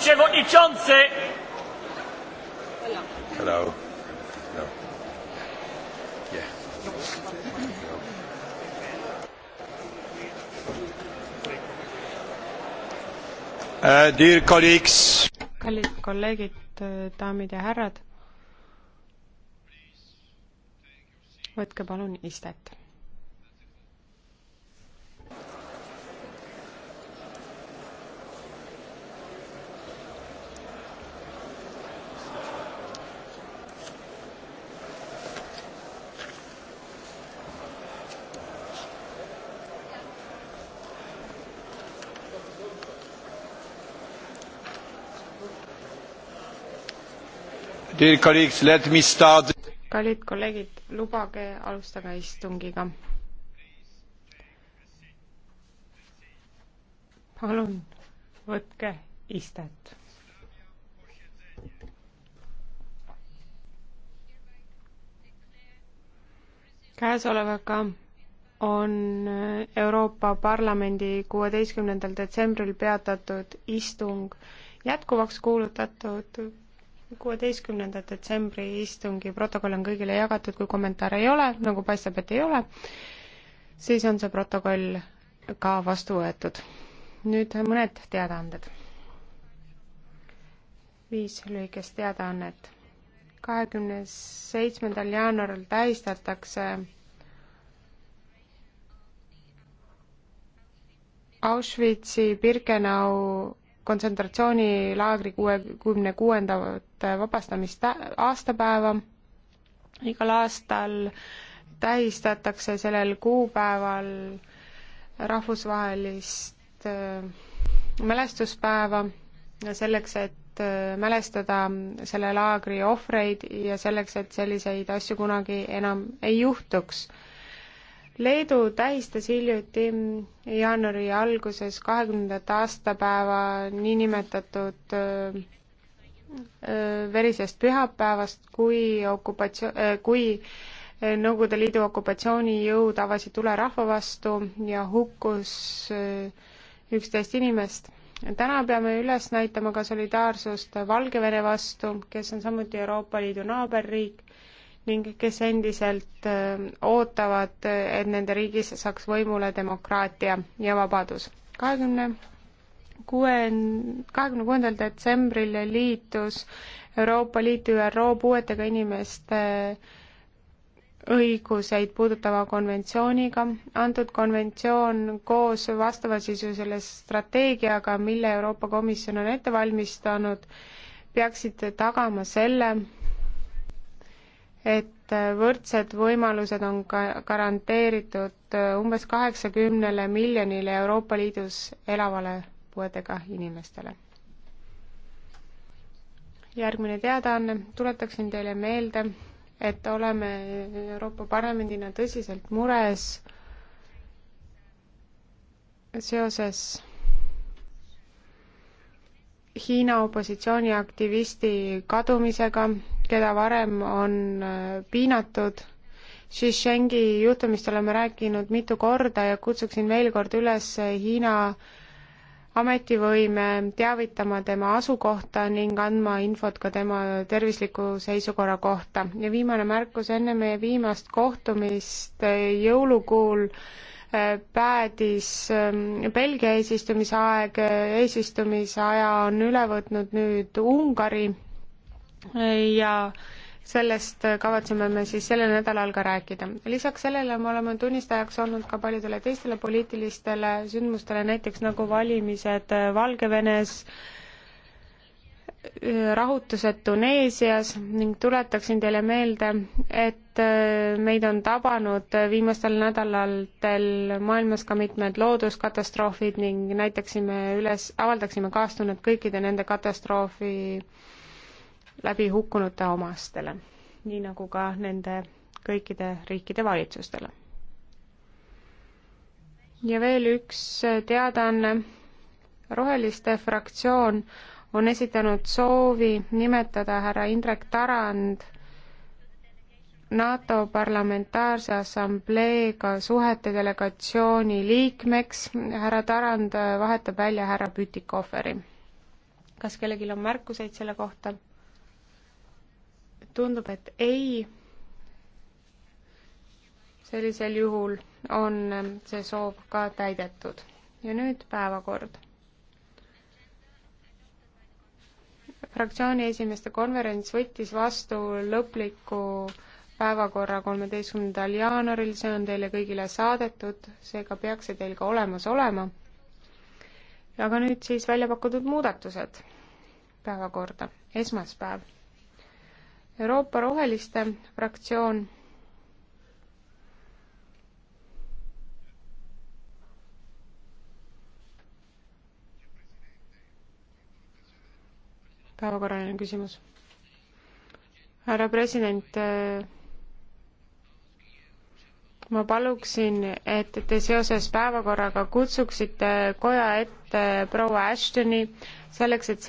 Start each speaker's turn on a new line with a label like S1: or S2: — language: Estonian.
S1: przewodniczący! Hello. No. Yeah. No. Uh, dear colleagues. kallid kolleegid, daamid ja härrad. võtke palun istet kallid kolleegid, lubage alustada istungiga. palun võtke istet. käesolevaga on Euroopa Parlamendi kuueteistkümnendal detsembril peatatud istung jätkuvaks kuulutatud kuueteistkümnenda detsembri istungi protokoll on kõigile jagatud, kui kommentaare ei ole, nagu paistab, et ei ole, siis on see protokoll ka vastu võetud. nüüd mõned teadaanded. viis lühikest teadaannet. kahekümne seitsmendal jaanuaril tähistatakse Auschwitzi Birkenau kontsentratsioonilaagri kuue, kuuekümne kuuendat vabastamist aastapäeva. igal aastal tähistatakse sellel kuupäeval rahvusvahelist äh, mälestuspäeva selleks, et äh, mälestada selle laagri ohvreid ja selleks, et selliseid asju kunagi enam ei juhtuks Leedu tähistas hiljuti jaanuari alguses kahekümnendat aastapäeva niinimetatud verisest pühapäevast, kui okupatsioon, kui Nõukogude Liidu okupatsioonijõud avasid tule rahva vastu ja hukkus üksteist inimest. täna peame üles näitama ka solidaarsust Valgevene vastu, kes on samuti Euroopa Liidu naaberriik ning kes endiselt äh, ootavad, äh, et nende riigis saaks võimule demokraatia ja vabadus. kahekümne kuue, kahekümne kuuendal detsembril liitus Euroopa Liitu ÜRO puuetega inimeste õiguseid puudutava konventsiooniga. antud konventsioon koos vastavasisulise strateegiaga, mille Euroopa Komisjon on ette valmistanud, peaksid tagama selle, et võrdsed võimalused on ka garanteeritud umbes kaheksakümnele miljonile Euroopa Liidus elavale puuetega inimestele. järgmine teadaanne, tuletaksin teile meelde, et oleme Euroopa Parlamendina tõsiselt mures seoses Hiina opositsiooniaktivisti kadumisega keda varem on äh, piinatud. Shishengi juhtumist oleme rääkinud mitu korda ja kutsuksin veel kord üles Hiina ametivõime teavitama tema asukohta ning andma infot ka tema tervisliku seisukorra kohta. ja viimane märkus, enne meie viimast kohtumist jõulukuul äh, päädis ähm, Belgia eesistumise aeg, eesistumise aja on üle võtnud nüüd Ungari ja sellest kavatseme me siis sellel nädalal ka rääkida. lisaks sellele me oleme tunnistajaks olnud ka paljudele teistele poliitilistele sündmustele, näiteks nagu valimised Valgevenes, rahutused Tuneesias ning tuletaksin teile meelde, et meid on tabanud viimastel nädalatel maailmas ka mitmed looduskatastroofid ning näitaksime üles, avaldaksime kaastunnet kõikide nende katastroofi läbi hukkunute omastele, nii nagu ka nende kõikide riikide valitsustele. ja veel üks teadaanne. roheliste fraktsioon on esitanud soovi nimetada härra Indrek Tarand NATO Parlamentaarse Assambleega suhete delegatsiooni liikmeks. härra Tarand vahetab välja härra Pütikoferi. kas kellelgi on märkuseid selle kohta? tundub, et ei. sellisel juhul on see soov ka täidetud. ja nüüd päevakord. fraktsiooni esimeeste konverents võttis vastu lõpliku päevakorra kolmeteistkümnendal jaanuaril, see on teile kõigile saadetud, seega peaks see teil ka olemas olema. aga nüüd siis välja pakutud muudatused päevakorda, esmaspäev Euroopa Roheliste fraktsioon päevakorraline küsimus. härra president, äh, ma paluksin, et te seoses päevakorraga kutsuksite koja ette proua Ashtoni selleks, et